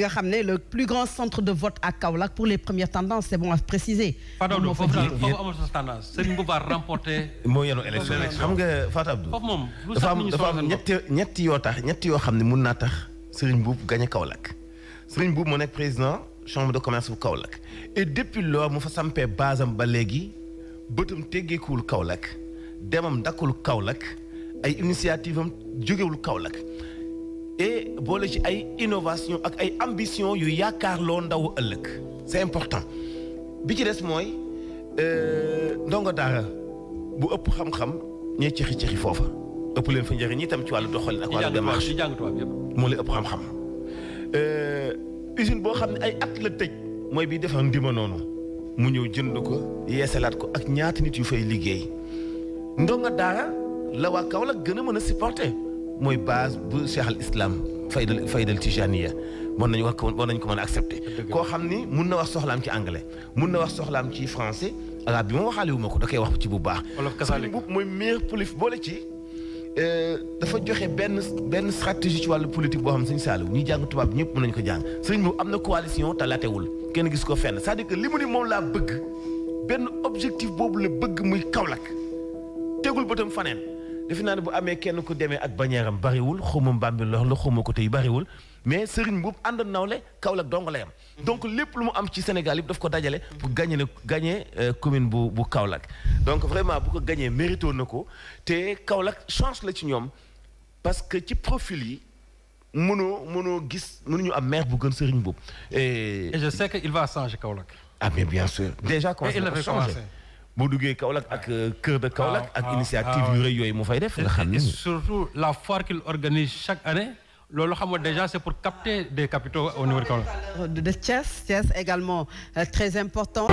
nga xam ne le plus grand centre de vote à Kaolack pour les premières tendances c'est bon à préciser. moom moo fa jiitu foofu amul sa tendance Serigne Mbouba remporté. moo yenu élection xam nga Fatou Abdou. moom lu sax ñu dafa am ñetti yoo tax ñetti yoo xam ne mun naa tax Serigne Mboup gagné Kaolack Serigne Mboup moo nekk président chambre de commerce bu Kaolack et depuis lors mu fa sampee base am ba léegi bëtam teggeekuwul Kaolack demam dakkul Kaolack ay initiative am jógewul Kaolack. et boole ci ay innovation ak ay ambition yu loo ndaw ëllëg c'est important bi ci des mooy euh, ndongo daara bu ëpp xam-xam ñee cexi cexi foofa ëpp leen fa njëriñ itam ci wàllu doxalin ak wàllu démarche moo la ëpp xam-xam euh, usine boo xam ne at la tëj mooy bi defar ndima noonu mu ñëw jënd ko yeesalaat ko ak ñaata nit yu fay liggéey ndongo daara la waa Kaolack gën a mën a supporter mooy base bu cheikh al islam faydal faydal tijaniya mën nañu wax ko mën nañu ko mën a accepté koo xam ni mun na wax soxlaam ci anglais mun na wax soxlaam ci français arabe bi moom waxaale wu ma ko da koy wax ci bu baax buub mooy meilleur politique boole ci euh, dafa joxe benn benn stratégie ci politique boo xam ne sëñ Saliou ñuy jàng tubaab ñëpp mën ko jàng sëñ bu am na coalition te latewul kenn gis ko fenn c'est-à-dire que li mu laa bëgg benn objectif boobu la bëgg muy Kaolack tegul bëtam faneen defe naa ne bu amee kenn ku demee ak bañeeram bariwul xawma Bambilor la xawma ko tey bariwul mais Serigne Mboup ànd nawle Kaolack dong la yam mhm. donc lépp lu mu am ci Sénégal yëpp daf ko dajale pour gagné ne gañee euh, commune bu bu Kaolack donc vraiment bu ko gañee mérito na ko te Kaolack chance la ci ñoom parce que ci profil yi mënoo mënoo gis mënuñu am maire bu gën Serigne Mboup et je sais que il va changer Kaolack ah mais bien sûr boo duggee Kaolack ak cœur euh, de Kaolack ak ah, ah, initiative ah, yu rëy yooyu mu fay def. nga xam ne surtout la foire qu'il organise chaque année. loolu xam nga déjà c'est pour capter des capitaux au niveau de de Thiès Thiès également euh, très important.